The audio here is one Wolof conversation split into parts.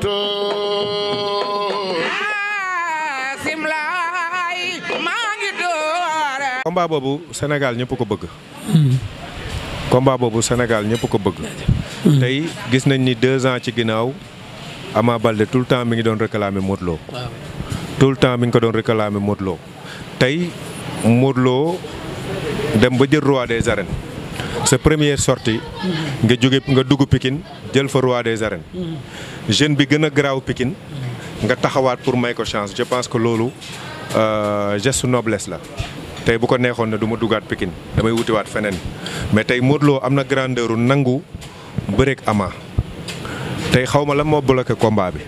Ah, doon boobu Sénégal ñëpp ko bëgg hmm. combat boobu senegal ñëpp ko bëgg hmm. tey gis nañ ni deux ans ci ginnaaw Ama Baldé tout le temps mi ngi doon réclamer Modou Lo tout le temps mi ngi ko doon réclamer Modou Lo tey Modou dem ba jël roi des arènes sa première sorti nga jóge nga dugg pikin jël fa roi des arènes jeune bi gën a garaaw Pikine nga taxawaat pour may ko chance je pense que loolu euh, geste noblesse la tey bu ko neexoon ne du ma duggaat Pikine damay wutiwaat feneen mais tey Modou am na grandeur nangu bëreeg Ama tey xaw ma lan moo bloqué combat bi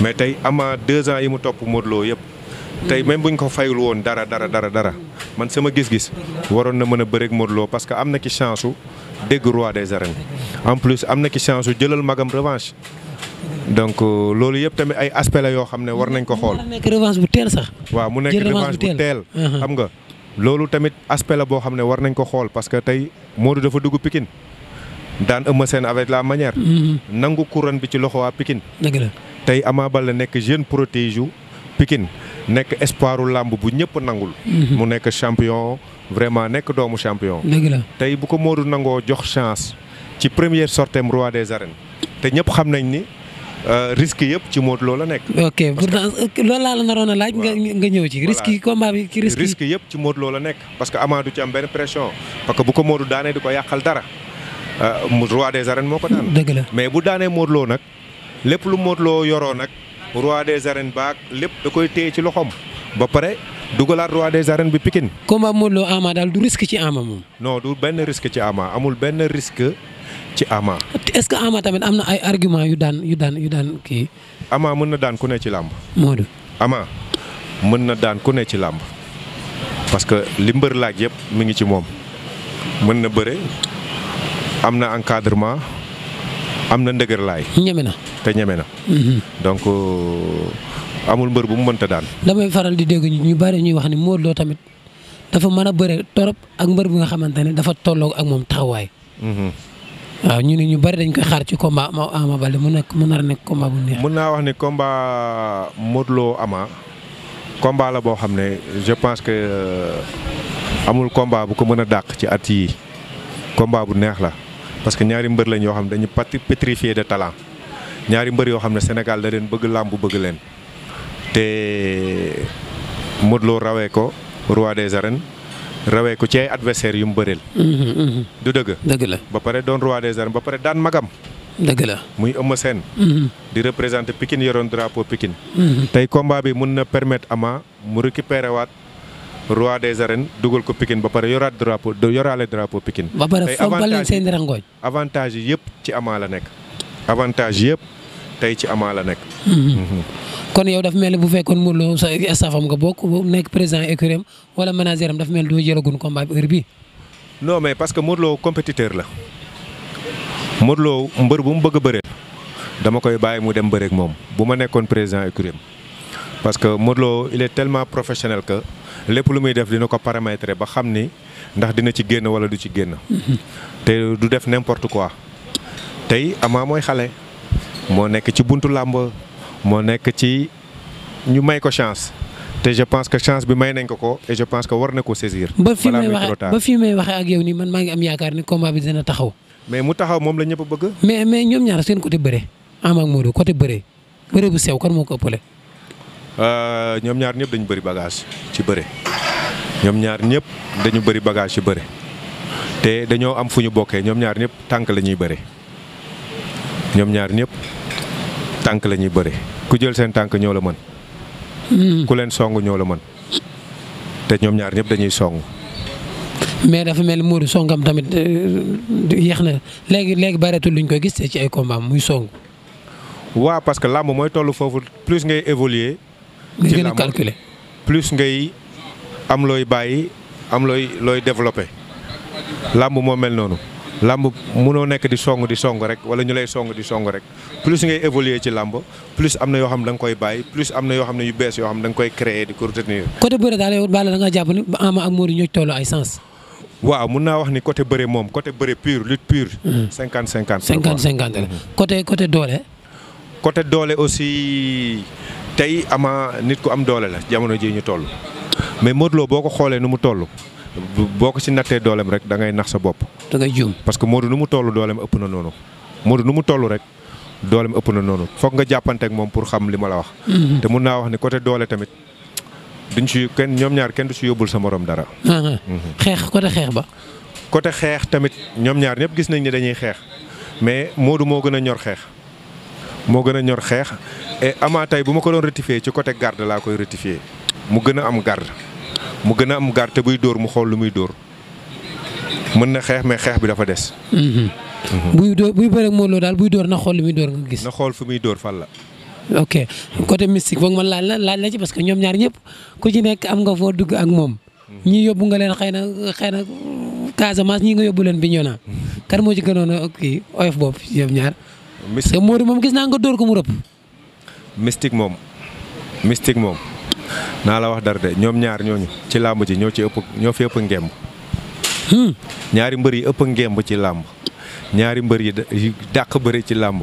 mais tey Ama deux ans yi mu topp Modou Lo yëpp tey bu ñu ko fayul woon dara dara dara dara man sama gis-gis waroon na mën a bëreeg Modou parce que am na ki chance su dégg roi des arènes en plus am na ki chance su jëlal magam revanche donc euh, loolu yëpp tamit ay aspect yoo xam ne war nañ ko xool. nekk revanche bu waaw mu nekk revanche bu uh-huh. xam nga. loolu tamit aspect boo xam ne war nañ ko xool parce que tey Modou dafa dugg pikin daan ëmma seen avec la manière. Mm-hmm. nangu couronne bi ci loxo waa Pikine. dëgg tey Ama Baldé nekk jeune protégé pikin nekk espoiru làmb bu ñëpp nangul. Mhm. mu nekk champion vraiment nekk doomu champion. dëgg la tey bu ko Modou nangoo jox chance ci première sortem roi de arènes te ñëpp xam nañ ni. Euh, risque yëpp ci Modou Lo la nekk. ok euh, la naroon a laaj. ñëw ci ci risque yi. risque yëpp ci Modou Lo la nekk. parce que Ama du ci am benn pression. parce que bu ko Modou daanee di ko yàqal dara. mu euh, roi des arènes moo ko daan. dëgg la bu daanee Modou nag lépp lu Modou Lo yoroo nag. roi des arènes baak lépp da koy téye ci loxoom ba pare dugalaat roi des arènes bi Pikine. combat Modou Lo Ama daal du risque ci Ama moom. non du benn risque ci Ama amul benn risque ci Ama. est-ce que Ama tamit am na ay argument yu daan yu daan yu daan kii. Ama mën na daan ku ne ci làmb. Modou. Ama mën na daan ku ne ci làmb parce que li mbër laaj yëpp mi ngi ci moom mën na bëre am na encadrement. am na ndëgër laay. ñeme na te ñeme na. Mhm. donc euh, amul mbër bu mu mënta daan. damay faral di dégg ñu bari ñuy wax ni Modou tamit dafa mën a bëre torop ak mbër bu nga xamante ne dafa tolloo ak moom taxawaay. Mhm. waaw ñu ne ñu bari dañ koy xaar ci combat Ama Baldé mu nekk mu nar nekk combat bu mën naa wax ni combat Modou Lo Ama combat la boo xam ne je pense que euh, amul combat bu ko mën a dàq ci at yii combat bu neex la. parce que ñaari mbër lañ yoo xam ne dañu pati pétrifié de talent ñaari mbër yoo xam ne Sénégal da leen bëgg làmb bëgg leen te Modou rawee ko roi des arènes rawee ko ci ay adversaires yu mu bëreel. Mm-hmm. du dëgg. dëgg la ba pare doon roi des arènes ba pare daan magam. dëgg la muy Eumeu Sène. Mm-hmm. di représenter Pikine yoroon drapeau Pikine. Mm-hmm. tey combat bi mun na permettre Ama mu récupérer roi des arènes dugal ko Pikine ba pare yoraat drapeau yoraale drapeau Pikine. ba pare fombal leen seen rangooñ avantage yi yëpp ci Ama la nekk avantage yëpp tey ci Ama nekk. Mhm. Mhm. kon yow daf mel ne bu fekkoon Modou Lo sa staffam nga bokk nekk président écurie am wala manager am daf mel du jëlagun combat bi heure bi non mais parce que Modou compétiteur la Modou mbër bu mu bëgg a bëree dama koy bàyyi mu dem bëreek moom bu ma nekkoon président écurie parce que Modou Lo il est tellement professionnel que. lépp lu muy def dina ko paramétrer ba xam ni ndax dina ci génn wala du ci génn. Mm-hmm. te du def n'importe quoi. tey Ama mooy xale moo nekk ci buntu làmb moo nekk ci ñu may ko chance. te je pense que chance bi may nañ ko ko et je pense que war na ko saisir. ba fi may waxee ba ak yow nii man maa ngi am yaakaar ne combat bi dina taxaw. mais mu taxaw moom la ñëpp bëgg. mais mais ñoom ñaar seen côté bëre Ama ak Modou côté bëre bëre bu sew kan moo ko ëppale. Euh, ñoom ñaar ñëpp dañu bëri bagage ci bëre ñoom ñaar ñëpp dañu bëri bagage ci bëre te dañoo am fu ñu bokkee ñoom ñaar ñëpp tànk la ñuy bëre ñoom ñaar ñëpp tànk la ñuy bëre ku jël seen tànk ñoo la mën. Hmm. ku leen song ñoo la mën te ñoom ñaar ñëpp dañuy song. mais dafa mel ni Modou songam tamit euh, yéex na léegi léegi bareetul luñ koy gis ci ay combat muy song. waa parce que làmb mooy tollu foofu plus ngay évoluer nga gën a calculer plus ngay am looy bàyyi am looy looy développe làmb moo mel noonu làmb munoo nekk di song di song rek wala ñu lay song di song rek plus ngay évoluer ci làmb plus am na yoo xam ne da nga bàyyi plus am na yoo xam ne yu bees yoo xam ne da nga koy créer di ko retenir. côté bëre daal yow Balla da nga jàpp ni Ama ak Modou ñoo tolloo ay sens. waaw mun naa wax ni côté bëre moom côté bëre pur lutte pure. Hmm. cinquante 50. 50 50 la hmm. côté côté doole. côté doole aussi. tey Ama nit ku am doole la jamono ji ñu toll mais Modou boo ko xoolee nu mu toll boo ko ci nattee dooleem rek da ngay nax sa bopp. da ngay juum parce que Modou nu mu tollu dooleem ëpp na noonu Modou nu mu toll rek dooleem ëpp na noonu foog nga jàppante ak moom pour xam li ma la wax. Mm-hmm. te mun naa wax ni côté doole tamit duñ ci kenn ñoom ñaar kenn du ci yóbbul sa moroom dara. Mm-hmm. Mm-hmm. xeex côté xeex ba. côté xeex tamit ñoom ñaar ñëpp gis nañ ni dañuy xeex mais Modou moo gën a ñor xeex. moo gën a ñor xeex et Ama bu ma ko doon rectifier ci côté garde laa koy rectifier mu gën a am garde mu gën a am garde te buy dóor mu xool lu muy dóor mën na xeex mais xeex bi dafa des. Mhm. Mhm. buy dóor buy bëreeg Modou Lo daal buy dóor na xool lu muy dóor nga gis. na xool fu muy dóor fan la. ok côté mystique foog man laaj la laaj la ci parce que ñoom ñaar ñëpp ku ci nekk am nga foo dugg ak moom. Mhm. ñii yóbbu nga leen xëy na xëy na Casamance ñii nga yóbbu leen bi Bignona. kan moo ci gënoon a kii oyof bopp ñoom ñaar. mystique te Modou moom gis naa nga dóor ko mu moom mystique moom naa la wax dara de ñoom ñaar ñooñu ci làmb ji ñoo ci ëpp ñoo fi ëpp ngemb. Hmm. ñaari mbër yi ëpp ngemb ci làmb ñaari mbër yi dàq bëri ci làmb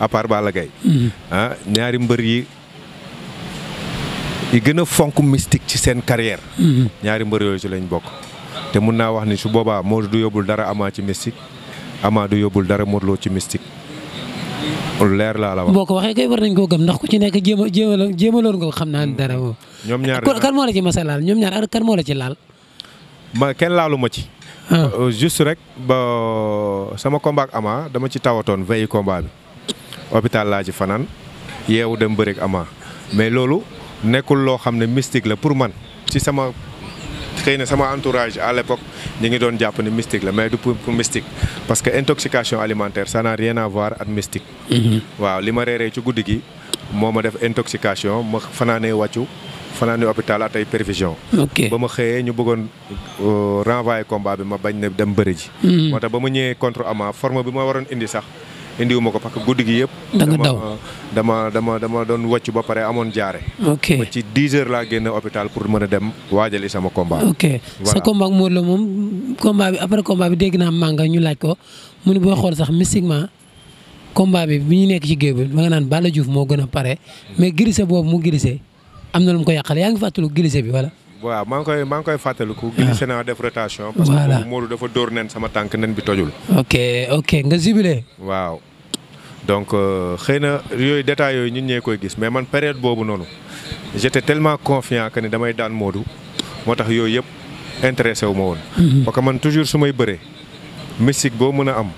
à part Balla Gaye hmm. ah, ñaari mbër yi yi gën a fonk mystique ci seen carrière. Hmm. ñaari mbër yooyu ci lañ bokk. te mun naa wax ni su boobaa moo du yóbbul dara amaa ci mistik Ama du yóbbul dara Modou ci mistik lu leer laa la boo ko waxee kay war nañ koo gëm ndax ku ci nekk jéem a jéem a loon nga ko xam naa dara moom. ñoom ñaar kan moo la ci masa laal ñoom ñaar kan moo la ci laal. ma kenn laalu ma ci. Ah. Euh, juste rek ba sama combat amaa dama ci tawatoon veille combat bi. hôpital laa ci fanaan yeewu dem bëreeg Ama mais loolu nekkul loo xam ne mystique la pour man ci sama xëy na sama entourage à l'époque ñu ngi doon jàpp ne mystique la mais du pour mystique parce que intoxication alimentaire ça n'a rien à voir ak mystique. Mhm. waaw li ma reeree ci guddi gi moo ma def intoxication ma fanaanee wàccu fanaane hôpital at ay ba ma xëyee ñu bëggoon euh, renvoyer combat bi ma bañ ne dem bëri ji. Mhm. ba ma ñëwee contre ama forme bi ma waroon indi sax. indiwuma ko parce que guddi gi yëpp. da nga daw euh, dama dama dama doon wàcc ba pare amoon jaare. ok ba ci 10 heures laa génn hôpital pour mën a dem waajali sama combat. ok sa combat moom combat bi après bi dégg naa manga ñu laaj ko mu ne booy hmm. xool sax mystiquement bi bi ñu nekk ci géej bi ba nga naan Balla Diouf moo gën a pare mais glissé boobu mu glissé am na lu mu ko yàqale yaa ngi fàttaliku glissé bi wala. waaw maa ngi koy maa ngi koy fàttaliku. glissé ah. naa def rotation. parce que Modou dafa dóor nen sama tànk nen bi tojul. ok ok nga jubilé. waaw. donc euh, xëy na yooyu détails yooyu ñun ñee koy gis mais man période boobu noonu j'étais tellement confiant que ni damay daan moodu moo tax yooyu yëpp intéressé wu ma woon. Mhm. parce que man toujours su may bëree mystique boo mën a am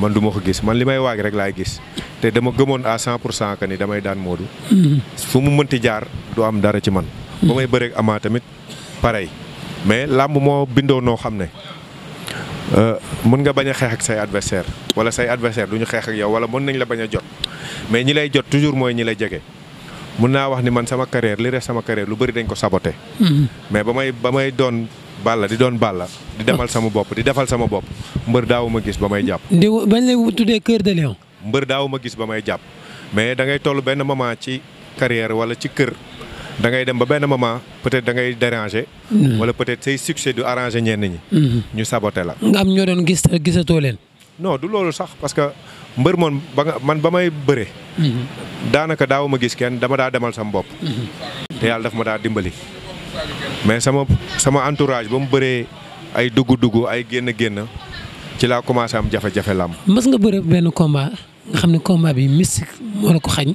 man du ma ko gis man li may waaj rek laay gis te dama gëmoon à 100 pour cent que ni damay daan Modou. Mhm. fu mu mënti jaar du am dara ci man. ba may bëree ak tamit pareil mais làmb moo bindoo noo xam ne. Euh, mën nga bañ a xeex ak say adversaire wala say adversaire du ñu xeex ak yow wala mën nañ la bañ a jot mais ñi lay jot toujours mooy ñi la jege mun naa wax ni man sama carrière li des sama carrière lu bari dañ ko saboté hmm. mais ba may ba may doon Balla di doon Balla di demal sama bopp di defal sama bopp mbër daawu ma gis ba may jàpp. di bañ lay tuddee Cœur de mbër daawu ma gis ba may jàpp mais da ngay toll benn moment ci carrière wala ci kër. da ngay dem ba benn moment peut-être da ngay déranger. Hmm. wala peut-être say succès du arranger ñenn ñi. Hmm. ñu saboter la. nga am ñoo doon gis gisatoo leen. non du loolu sax parce que mbër moom ba man ba may bëre. Hmm. daanaka daaw ma gis kenn dama daa demal sam bopp. te yàlla daf ma daa dimbali. mais sama sama entourage ba mu bëree ay dugg-dugg ay génn-génn ci laa commencé am jafe-jafe làmb. mës nga bëre benn combat nga xam ne combat bi mystique moo la ko xañ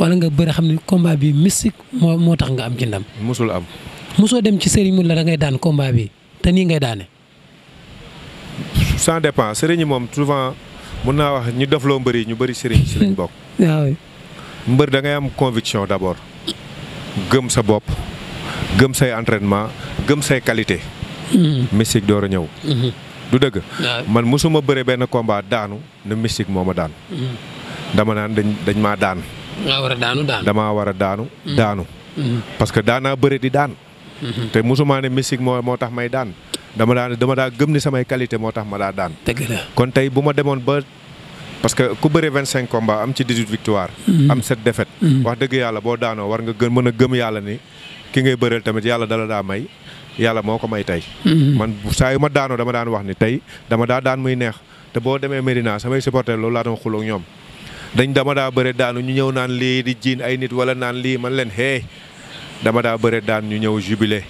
wala nga bëri xam ne combat bii mystique moo moo tax nga am ci ndam. musul am. mosoo dem ci sëriñ mu la da ngay daan combat bi te nii ngay daane. sans dépend sëriñ moom souvent mun naa wax ñu dofloo mbëri ñu bëri sëriñ si lañ bokk. mbër da ngay am conviction d'abord gëm sa bopp gëm say entraînement gëm say qualité. Hmm. mystique door a ñëw. Hmm. du dëgg. man mosuma bëre benn combat daanu ne mystique moo ma daan. Hmm. dama naan dañ maa daan. nga war a daanu daanu damaa war a daanu mm-hmm. daanu. Mm-hmm. parce que daanaa bëre di daan. Mm-hmm. te musumaa ne mystique moo moo tax may daan dama daan dama daa gëm ni samay qualité moo tax ma daa daan. dëgg kon tey bu ma demoon ba. parce que ku bëre vingt cinq combats am ci dix victoire. am sept defet wax dëgg yàlla boo daanoo war nga gën mën a gëm yàlla ni ki ngay bëreel tamit yàlla dala daa may yàlla moo ko may tey. man saa yu ma daanoo dama daan wax ni tey dama daa daan muy neex te boo demee Medina samay supporter loolu laa doon xuloo ñoom. dañ dama daa bëre daanu ñu ñëw naan lii di jiin ay nit wala naan lii man leen hey dama daa bëre daan ñu ñëw jubile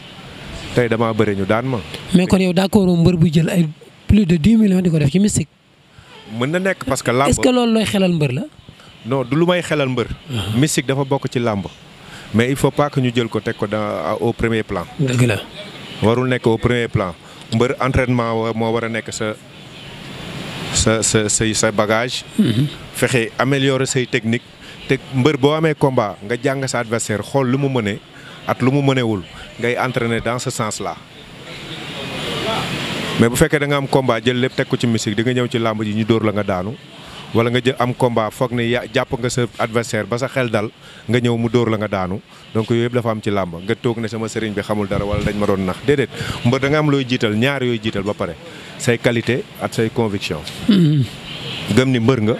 tey damaa bëre ñu daan ma. mais kon yow d'accord mbër bu jël ay plus de dix millions di ko def ci mystique. mën na nekk parce que. làmb est-ce loolu looy xelal mbër la. non du lu may xelal mbër. Ah. mystique dafa bokk ci làmb. mais il faut pas ñu jël ko teg ko dans au premier plan. la warul nekk au premier plan mbër entraînement moo war a nekk sa. sa sa say sa bagage. Mhm. fexe améliorer say technique. te mbër boo amee combat nga jàng sa adversaire xool lu mu mëne at lu mu mënewul ngay entraîner dans ce sens là. mais bu fekkee da nga am combat jël lépp teg ko ci musique di nga ñëw ci làmb yi ñu dóor la nga daanu. wala nga jël am combat foog ne ya nga sa adversaire ba sa xel dal nga ñëw mu dóor la nga daanu donc yooyu yëpp dafa am ci làmb nga toog ne sama sëriñ bi xamul dara wala dañ ma doon nax déedéet mbër danga am looy jiital ñaar yooyu jiital ba pare say qualité at say conviction hmm. gëm ni mbër nga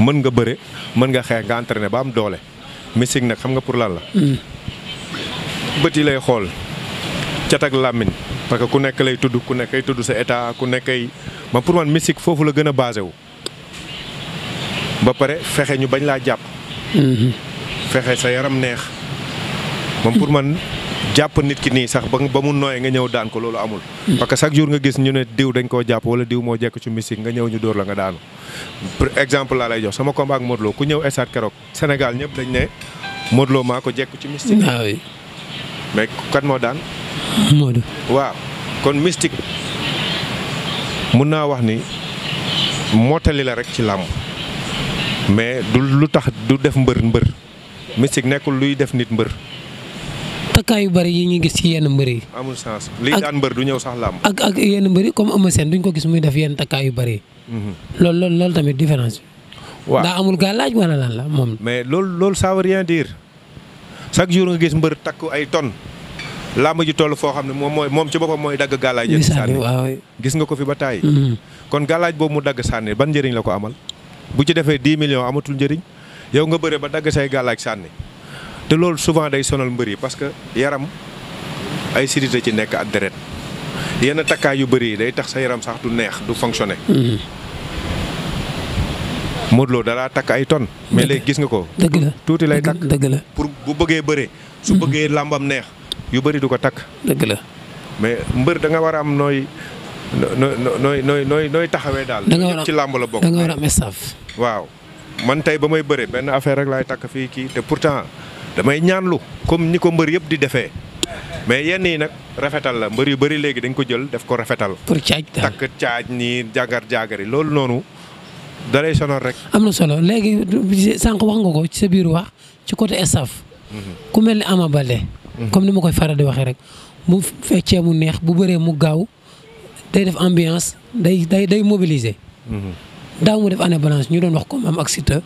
mën nga bëre mën nga xeex nga entraîné ba am doole mystique nag xam nga pour lan la hmm. bët yi lay xool catak ak làmmiñ parce que ku nekk lay tudd ku nekk ay tudd sa état ku nekk ay man foofu la gën a basé wu ba pare fexe ñu bañ laa jàpp. Mhm. fexe sa yaram neex. moom pour man jàpp nit ki nii sax ba ba mu nooyee nga ñëw daan ko loolu amul. Mm. parce que chaque jour nga gis ñu ne diw dañ koo jàpp wala diw moo jekk ci mystique nga ñëw ñu dóor la nga daanu. pour exemple laa lay jox sama combat ak Modou Lo ku ñëw stade keroog Sénégal ñëpp dañ ne Modou maa ko jekk ci mystique. ah oui. mais kat moo daan. Modou. waaw kon mystique mun naa wax ni mottali la rek ci làmb. mais du lu tax du def mbër mbër mystique nekkul luy def nit mbër. takkaay yu bari yi ñu gis ci yenn mbër yi. amul sens lii daan mbër du ñëw sax làmb. ak ak yenn mbër yi comme Eumeu Sène duñ ko gis muy def yenn takkaay yu bari yi. loolu mhm. loolu tamit différence bi. waaw daa amul gàllaaj wala lan la moom. mais lool loolu ça diir rien dire chaque jour nga gis mbër takk ay ton làmb ji toll foo xam ne moom mooy moom ci boppam mooy dagg gàllaaj. sànni gis nga ko fi ba tàyyi. Mhm. kon gàllaaj boobu mu dagg sànni ban njëriñ la ko amal. bu ci defee 10 million amatul njëriñ yow nga bëre ba dagg say ak sànni te loolu souvent day sonal mbër yi parce que yaram ay sidite ci nekk ak deret yenn takkaay yu bëri yi day tax sa yaram sax du neex du fonctionner. Modou Lo dalaa takk ay tonnes. mais léegi gis nga ko. dëgg la tuuti lay takk dëgg la pour bu bëggee bëree. su mhm. bëggee làmbam neex yu bëri du ko takk. dëgg la mais mbër da nga war a am nooy nooy nooy nooy nooy taxawee daal. da war a ci làmb la bokk. da nga war waaw man tey ba may bëre benn affaire rek laay takk fii kii te pourtant damay ñaanlu comme ni ko mbër yëpp di defee mais yenn yi nag rafetal la mbër yu bëri léegi dañ ko jël def ko rafetal. pour caaj daal takk caaj nii jagar loolu noonu. dalay sonal rek. am na solo léegi sànq wax nga ko ci sa biir wax ci côté staff. Mhm. ku ni Ama Baldé. Mhm. comme ni ma koy faral di waxee rek. mu feccee mu neex bu bëree mu gaaw. day def ambiance day day day mobiliser. Mhm. daaw mu def année balance ñu doon wax comme am ak Siteu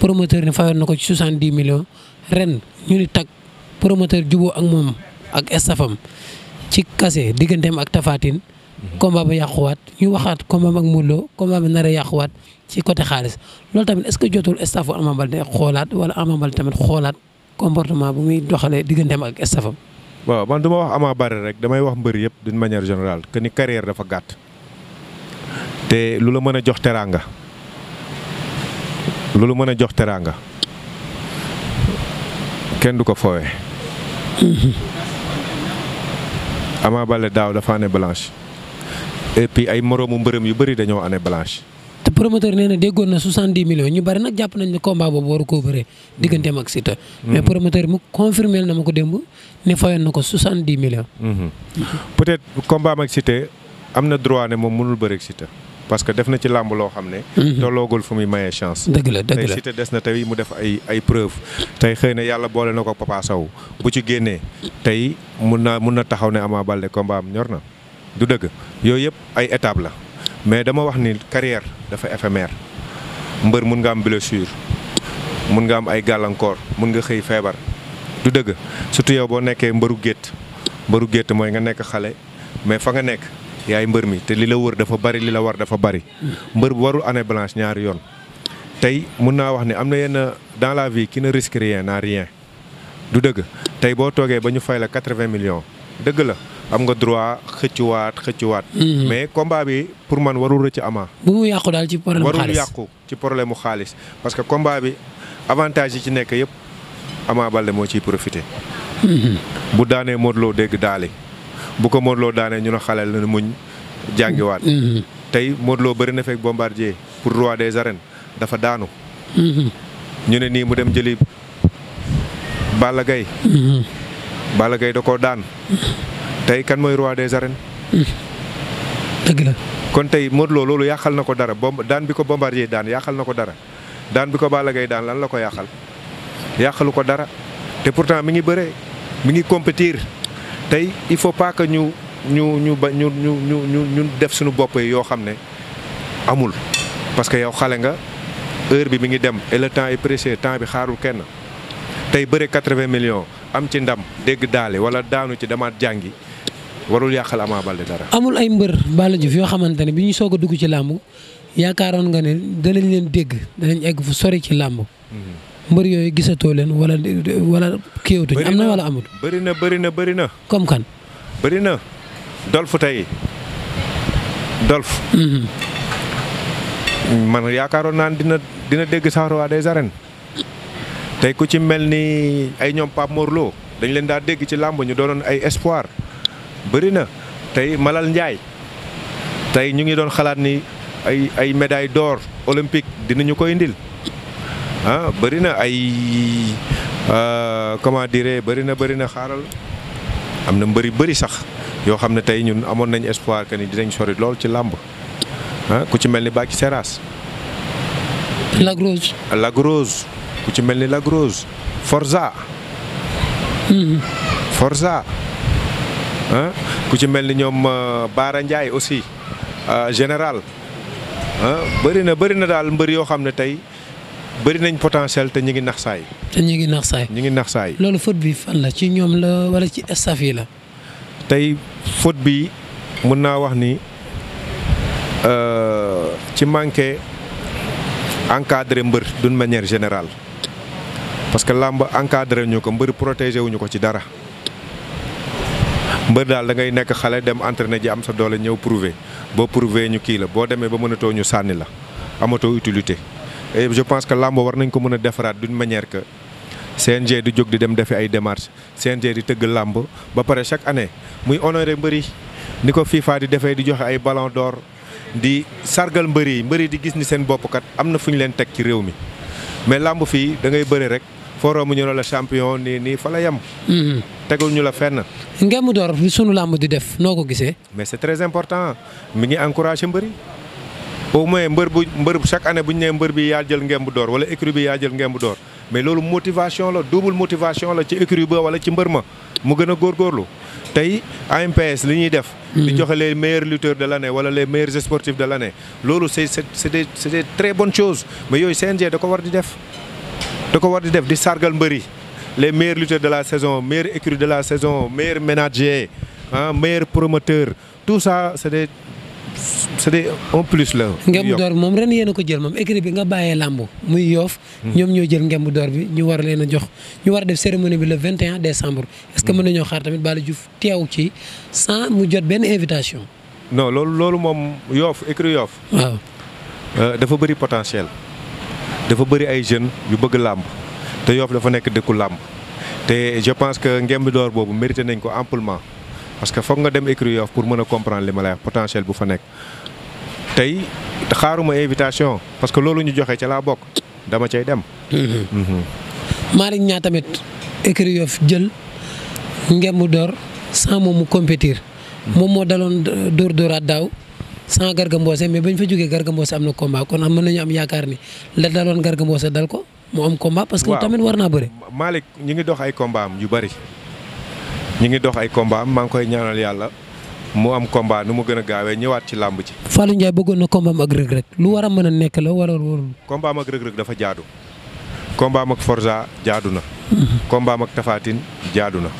promoteur ni fayoon na ko ci soixante di millions ren ñu ni tag promoteur juboo ak moom ak estafam ci kase digganteem ak Tafatine. Mhm. combat ba yàquwaat ñu waxaat combat ak Modou Lo combat ba nar yàquwaat ci côté xaalis loolu tamit est-ce que jotul estafu Ama Baldé xoolaat wala Ama Baldé tamit xoolaat comportement bu muy doxalee digganteem ak estafam. waaw man du ma wax Ama Baldé rek damay wax mbër yëpp d'une manière générale que ni carrière dafa gàtt te lu la mën a jox teraanga lu la mën a jox teraanga kenn du ko fowe Ama Baldé daaw dafa année blanche et puis ay moroomu mbërëm yu bëri dañoo année blanche te promoteur nee na déggoon na 70 millions ñu bari na jàpp nañ ne combat boobu waru koo bëree digganteem ak Siteu mm-hmm. mais promoteur mu confirmé na ma ko démb ne fayoon na ko 70 millions. Mm-hmm. peut-être combat am ak Siteu am na droit ne moom mënul bëreeg Siteu parce que def na ci làmb loo xam ne. Mm-hmm. tolloogul fu muy mayee chance. dëgg la dëgg la tey Siteu des na tey mu def ay ay preuve tey xëy na yàlla boole na ko Papa Sow bu ci génnee tey mun na mun na taxaw ne Ama Baldé combat ñor na du dëgg yooyu yëpp ay étape la. mais dama wax ni carrière dafa éphémère mbër mun nga am blessure mun nga am ay gàllankoor mun nga xëy feebar du dëgg surtout yow boo nekkee mbëru gétt mbëru gétt mooy nga nekk xale mais fa nga nekk yaay mbër mi te li la wër dafa bari li la war dafa bari mbër bu warul année blanche ñaari yoon tey mun naa wax ni am na yenn dans la vie qui ne risque rien n'a rien du dëgg tey boo toogee ba ñu fay la quatre-vingts millions dëgg la am nga droit xëccuwaat xëccuwaat. Mm-hmm. mais combat bi pour man warul rëcc Ama. bu mu yàqu daal ci problème mu xaalis ci problème mu xaalis parce que kombaa bi avantage yi ci nekk yëpp Ama Baldé moo ciy profité. Mm-hmm. bu daanee Modou Lo dégg daale bu ko Modou daanee ñu ne xale la muñ jàngiwaat. Mm-hmm. tey Modou Lo bëri na fekk bombardier pour roi des arènes dafa daanu. ñu ne nii mu dem jëli Balla Gaye Balla Gaye da koo daan. tey kan mooy roi des arènes. Hmm. dëgg la. kon tey Modou loolu yàqal na ko dara bomb daan bi ko Bombardier daan yàqal na ko dara daan bi ko Balla Gaye daan lan la ko yàqal yàqalu ko dara te pourtant mi ngi bëree mi ngi compétir tey il faut pas ñu ñu ñu ba ñu ñu ñu ñu def suñu bopp yoo xam ne amul parce que yow xale nga heure bi mi ngi dem et temps est précieux temps bi xaarul kenn tey bëre 80 millions am ci ndam dégg daale wala daanu ci damaat jàngi. warul yàqal Ama Baldé dara. amul ay mbër Balla fi yoo xamante ne bi ñu soog a dugg ci làmb yaakaaroon nga ne danañ leen dégg danañ egg fu sori ci làmb. Mhm. mbër yooyu gisatoo leen wala wala kéewtuñ. am na wala amul bëri na bëri na bëri na. comme kan. bëri na dolf tey dolf. Mhm. man yaakaaroon naan dina dina dégg sax roi des arènes tey ku ci mel ni ay ñoom Pape Mor Lo dañ leen daa dégg ci làmb ñu doonoon ay espoir. bëri na tey Malal Ndiaye tey ñu ngi doon xalaat ni ay ay médaille d'or olympique dinañu ko indil ah bëri na ay euh, comment dire bëri na bëri na xaaral am na mbëri bëri sax yoo xam ne tey ñun amoon nañ espoir que ni dinañ sori lool ci làmb ah, ku ci mel ni Bathie Seras. Lagrose. Lagrose ku ci mel ni Lagrose Forza. Hmm. Forza. ku ci mel ni ñoom euh, Baara Ndiaye aussi euh, général ah bëri na bëri na daal mbër yoo xam ne tey bëri nañ potentiel te ñu ngi nax saay. te ñu ngi nax saay. ñu ngi nax saay. loolu faute bi fan la ci ñoom la wala ci staff la. tey faute bi mun naa wax ni euh, ci manqué encadré mbër d'une manière générale parce que làmb encadre ñu ko mbër protégé wuñu ko ci dara. mbër daal da ngay nekk xale dem entraîné ji am sa doole ñëw prouver boo prouver ñu kii la boo demee ba mënatoo ñu sànni la amatoo utilité et je pense que làmb war nañ ko mën a defaraat d'une manière que CNG di jóg di dem defi ay démarches CNG di tëgg làmb ba pare chaque année muy honoré mbëri ni ko FIFA di defee di joxe ay ballon door di sargal mbëri yi mbëri di gis ni seen boppkat am na fu ñu leen teg ci réew mi mais làmb fii da ngay bëri rek. forum ñu ne la champion nii nii fa la yem. Mhm. tegul ñu la fenn. ngemu door bi sunu làmb di def noo ko gisee. mais c'est très important mi ngi encouragé mbëri au moins mbër bu mbër chaque année bu ñu nee mbër bi yaa jël ngemb door wala écurie bi yaa jël ngemb door mais loolu motivation la double motivation la ci écurie ba wala ci mbër ma mu gën a góor góorlu tey AMPS li ñuy def. Mhm. di joxe les meilleurs lutteurs de l'année wala les meilleurs sportifs de l'année loolu c'est c'est des c'est des très bonnes choses da ko war di def. da ko war di def di sargal mbëri les meilleurs lutteurs de la saison meilleurs écuries de la saison meilleurs ménager ah meilleurs promoteurs tout ça c'est des c'est des en plus la. ngemb door moom ren yéen a ko jël moom écurie bi nga bàyyee làmb muy yoof hmm. ñoom ñoo jël ngemb door bi ñu war leen a jox ñu war a def cérémonie bi le 21 décembre. est-ce que hmm. mën nañoo xaar tamit Balla Diouf teew ci sans mu jot benn invitation. non loolu loolu moom yoof écurie yoof waaw euh, dafa bëri potentiel. dafa bëri ay jeunes yu bëgg làmb te Yoff dafa nekk dëkku làmb te je pense que ngemb door boobu mérité nañ ko amplement parce que foog nga dem écrit Yoff pour mën a comprendre li ma lay wax potentiel bu fa nekk. tey xaaruma invitation parce que loolu ñu joxe ca laa bokk dama cay dem. Mm-hmm. Mm-hmm. Malick Niang tamit écrit Yoff jël ngemb door sans moom mu compétir mm-hmm. moom moo daloon dóor dóoraat daaw. sans Garga Mbossé mais bañ fa jógee Garga Mbossé am na combat kon mën nañu am yaakaar ni la daloon Garga Mbossé dal ko mu am combat. parce que tamit war naa bëre. Malick ñu ngi dox ay combat am yu bari ñu ngi dox ay combat maa ngi koy ñaanal yàlla mu am combat nu mu gën a gaawee ñëwaat ci làmb ci Fallou Ndiaye bëggoon na combat am ak Reug Reug lu war a mën a nekk la wala warul. combat am ak Reug Reug dafa jaadu. combat am ak Forza jaadu na. Mhm. combat am ak Tapha jaadu na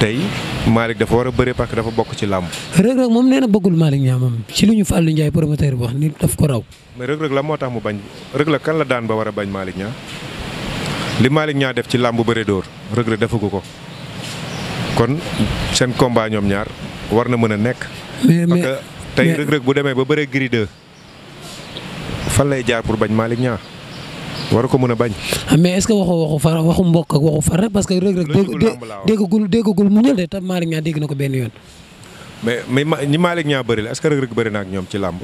tey. Malick dafa war a bëre parce que dafa bokk ci làmb. Reug Reug moom nee na bëggul Malick Niang moom ci lu ñu Fallou Ndiaye promoteur bi wax ni daf ko raw. mais Reug Reug la kan la daan ba war a bañ Malick Niang li Malick Niang def ci làmb bëre dóor Reug Reug defagu ko kon seen combat ñoom ñaar war na mën a nekk. mais mais tey Reug Reug bu demee ba bare Gris fan lay jaar pour bañ Malick Niang. war ko mën a bañ. Ah, mais est-ce que waxoo waxu far waxu mbokk ak waxu far rek parce que. rëg rëg déggagul déggagul mu ñëw de te Malick Niang dégg na ko benn yoon. mais mais ñi Malick ñaa bëri la est-ce que rëg rëg bëri na ak ñoom ci làmb.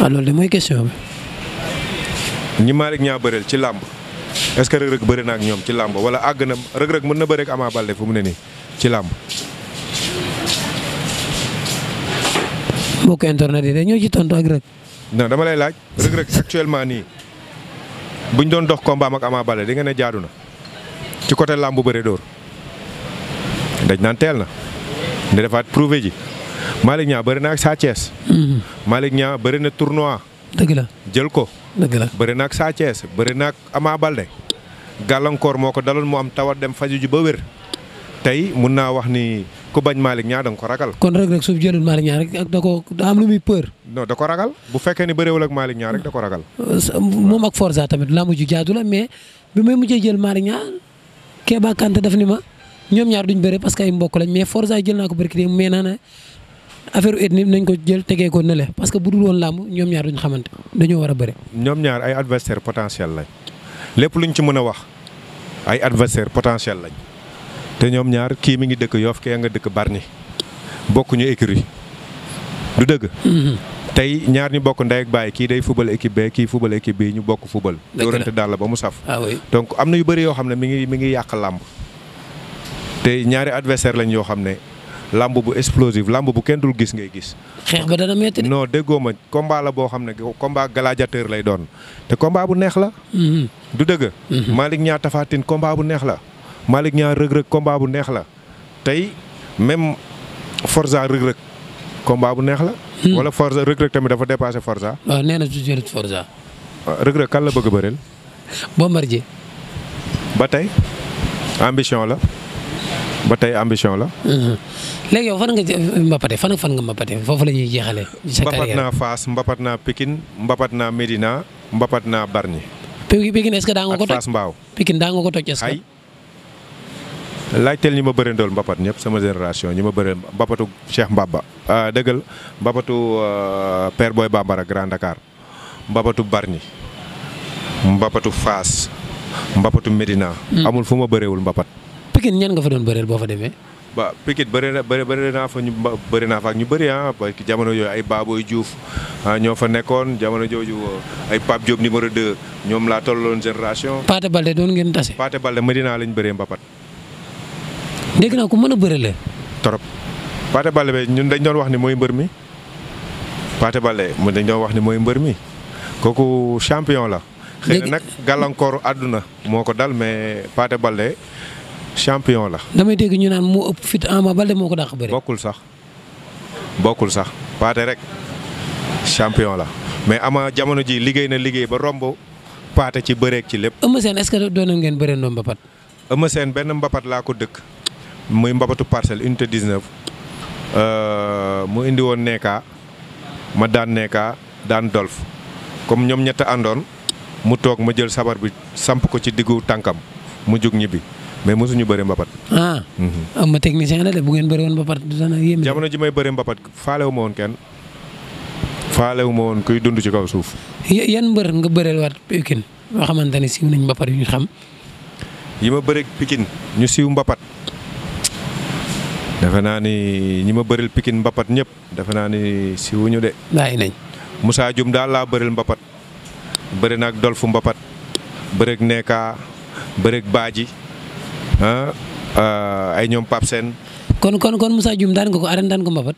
ah loolu question bi. ñi Malick Niang ci làmb est-ce bëri na ak ñoom ci làmb wala àgg na rëg rëg mën na bëri ak Ama Baldé fu mu ne nii ci làmb. mbokk internet yi dañoo ci tontu ak rëg. non dama lay laaj rëg rëg actuellement nii. buñ doon dox kombaam ak Ama Baldé di nga ne jaadu na ci côté làmb bu bëre dóor dañ naan teel na ne defaat prouvé ji Malick Niang bëri na ak Sa Thiès. Mhm. Malick Niang bëri na jël ko. dëgg na ak Sa Thiès bëri na ak Ama Baldé gàllankoor moo ko daloon mu am tawat dem faju ji ba wér tey mun naa wax ni. ku bañ Malick Niang da nga ko ragal. kon Reug Reug suuf jëlul Malick Niang rek ko da ragal bu fekkee ni bëreewul ak Malick Niang rek da ko ragal. moom ak Forza tamit laa mujj la mais bi may mujjee jël Malick Niang Kéba Kanté daf ni ma ñoom ñaar duñ bëre parce que ay mbokk lañ mais Forza jël naa ko barki dem mais naa ne affaire ethnique nañ ko jël tegee ko ne le parce que bu dul woon làmb ñoom ñaar duñ xamante dañoo war a bëre. ñoom ñaar ay adversaire potentiel lañ lépp luñ ci mën a wax ay adversaire potentiel lañ. te ñoom ñaar kii mi ngi dëkk Yoff kee nga dëkk Bargny ñu écurie du dëgg. Mhm. tey ñaar ñu bokk ndey ak bàyyi kii day fubal équipe bee kii fubal équipe bi ñu bokk fubal. dóorante daal la ba mu saf. Ah donc am na yu bëri yoo xam ne mi ngi mi ngi yàq làmb. te ñaari adversaire lañ yoo xam ne làmb bu explosive làmb bu kenn dul gis ngay gis. xeex ba dana métti non déggoo ma combat la boo xam ne combat gladiateur lay doon te combat bu neex la. Mhm. du dëgg. Mhm. Malick ñaa tafaatin combat bu neex la. Malick Niang rëg-rëg combat bu neex la tey même forsa rëg-rëg combat bu neex la. Hmm. wala Forza rëg-rëg tamit dafa dépassé Forza. waaw nee na su jëlee Forza. Ah, rëg-rëg kan la bëgg a bëreel. Bombardier. ba tey ambition la. ba tey ambition la. Hmm. léegi yow fan nga mbapate fan fan nga mbapate foofu la ñuy jeexalee. sa carrière mbapat naa Fass mbapat naa Pikine mbapat naa Medina mbapat naa Bargny. Pikine est-ce que daa nga ko toj ak laajteel ñu ma bërindool mbapat ñëpp sama génération ñu ma bëri mbapatu Cheikh Mbaba ah, dëggal mbapatu euh, Père Boy Bambara Grand Dakar mbapatu Bargny mbapatu Fass mbapatu Médina hmm. amul fu ma bëreewul mbapat Pikine ñan nga fa doon bëreel boo fa demee ba Pikine bëri na bëri naa fa ñu bëri naa fa ñu bëri ah, jamono yooyu ay Baboy Diouf ah, ñoo fa nekkoon jamono jooju euh, ay Pape Diop numéro 2 ñoom laa tolloon génération. Paate Balde doon ngeen tase. Paate Balde Medina lañ bëree Mbapat. dégg naa ko mën a bëre la. trop Pathé Baldé bi ñun dañ doon wax ni mooy mbër mi Pathé Baldé mu dañ doon wax ni mooy mbër mi kooku champion la. xëy na nag gàllankooru àdduna moo ko dal mais Pathé Baldé champion la. damay dégg ñu naan moo ëpp fit Ama Baldé moo ko dàq bëre. bokkul sax bokkul sax Pathé rek champion la mais Ama jamono ji liggéey na liggéey ba romb Pathé ci bëreeg ci lépp. Eumeu seen est-ce que ngeen bëre ndoom mbapat. Eumeu Sène benn mbapat laa ko dëkk. muy mbabatu parcelle unité 19 euh, mu indi woon nekka ma daan neeka daan dolf comme ñoom ñett àndoon mu toog ma jël sabar bi samp ko ci diggu tànkam mu jug ñibbi mais mosuñu bëri mbapat. ah. Mhm. am ma technicien la de bu ngeen bëri woon mbapat dana yéeme. jamono ji may bëri mbapat faale ma woon kenn faale ma woon kuy dund ci kaw suuf. yan mbër nga bëreel waat Pikine yoo xamante ne siiw nañ mbapat yu ñu xam. yi ma bëri pikin ñu siiw mbapat. defe naa ni ñi ma bëril Pikine mbapat ñëpp defe naa ni si wuñu de. bàyyi nañ. Moussa Dioum daal laa bëril mbapat bëri na ak Dolfu mbapat bëreeg Neka bëreeg Baaji ah, ah ay ñoom Pape Sène. kon kon kon Moussa daan nga ko arène ko mbapat.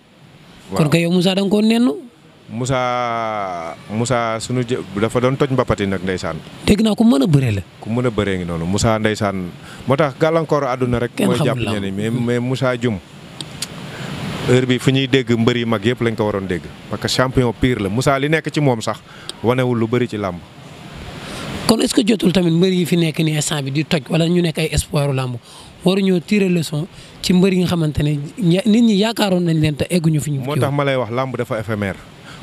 waaw kon kay yow Moussa sunu dafa doon toj mbapat yi nag ndeysaan. dégg naa ku mën a bëree la. ku mën a bëree ngi noonu Moussa ndeysaan moo tax gàllankooru àdduna rek. mooy jàpp ñeneen mais mais Moussa heure bi fu ñuy dégg mbër yi mag yëpp lañ ko waroon dégg parce que champion pire la Moussa li nekk ci moom sax wanewul lu bëri ci làmb. kon est-ce que jotul tamit mbër yi fi nekk ni instant bi di toj wala ñu nekk ay espoiru làmb waruñoo tirer leçon ci mbër yi nga xamante ne nit ñi yaakaaroon nañ leen te egguñu fi ñu. moo tax ma lay wax làmb dafa éphémère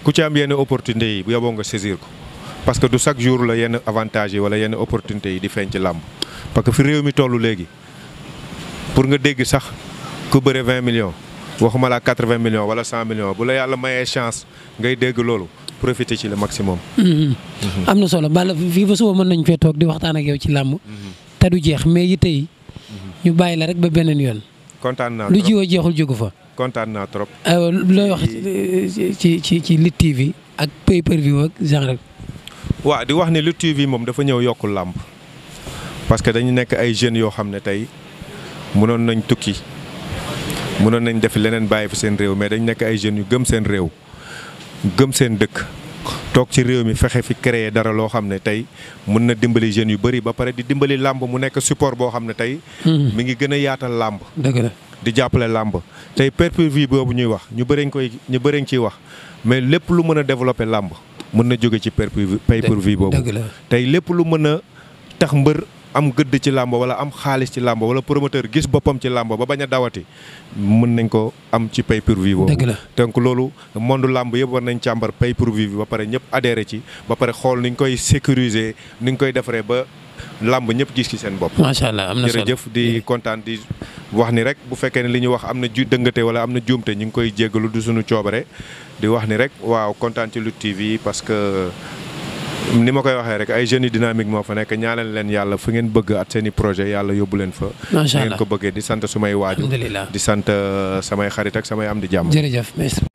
ku ci am yenn opportunité yi bu yoboo nga saisir ko parce que du chaque jour la yenn avantage yi wala yenn opportunité yi di feeñ ci làmb parce que fi réew mi toll léegi pour nga dégg sax ku bëre 20 millions. waxuma la 80 millions wala 100 millions bu la yàlla mayee chance ngay dégg loolu profiter ci le maximum. Mm-hmm. Mm-hmm. am na solo Balla fii ba suba mën nañu fee toog di waxtaan ak yow ci làmb. Mm-hmm. te du jeex mais yi tey ñu bàyyi la rek ba beneen yoon. kontaan naa trop lu jiwoo jeexul jógu fa. kontaan naa trop. Euh, looy wax ci ci ci Lutte TV ak pay per view ak genre. waaw di wax ne Lutte TV moom dafa ñëw yokk làmb parce que dañu nekk ay jeunes yoo xam ne tey mënoon nañ tukki. mënoon nañ def leneen bàyyi fi seen réew mais dañ nekk ay jeunes yu gëm seen réew gëm seen dëkk toog ci réew mi fexe fi créer dara loo xam ne tey mun na dimbali jeunes yu bëri ba pare di dimbali làmb mu nekk support boo xam ne tey. Hmm. mi ngi gën a yaatal làmb. dëgg la di jàppale làmb tey pay-per-view boobu ñuy wax ñu bëriñ koy ñu bëriñ ciy wax mais lépp lu mën a développer làmb mën na jóge ci pay pour view boobu. tey lépp lu mën a tax mbër. am gëdd ci làmb wala am xaalis ci làmb wala promoteur gis boppam ci làmb ba bañ a dawati mën nañ ko am ci pay per view boobu donc loolu monde làmb yëpp war nañ càmbar pay per view bi ba pare ñëpp adhéré ci ba pare xool ni ñu koy sécuriser ni ñu koy defaree ba làmb ñëpp gis ci seen bopp macha allah am na solo jërëjëf di kontaan di wax ni rek bu fekkee ne li ñu wax am na ju dëngate wala am na juumte ñu ngi koy jéggalu du suñu coobare di wax ni rek waaw kontaan ci Lutte TV parce que ni ma koy waxee rek ay jeunes yu dynamique moo fa nekk ñaanal leen yàlla fu ngeen bëgg at seen i projet yàlla yóbbu leen fa. macha allah ngeen ko bëggee di sant sumay waaju di sant uh, samay xarit ak samay am di jàmm. jërëjëf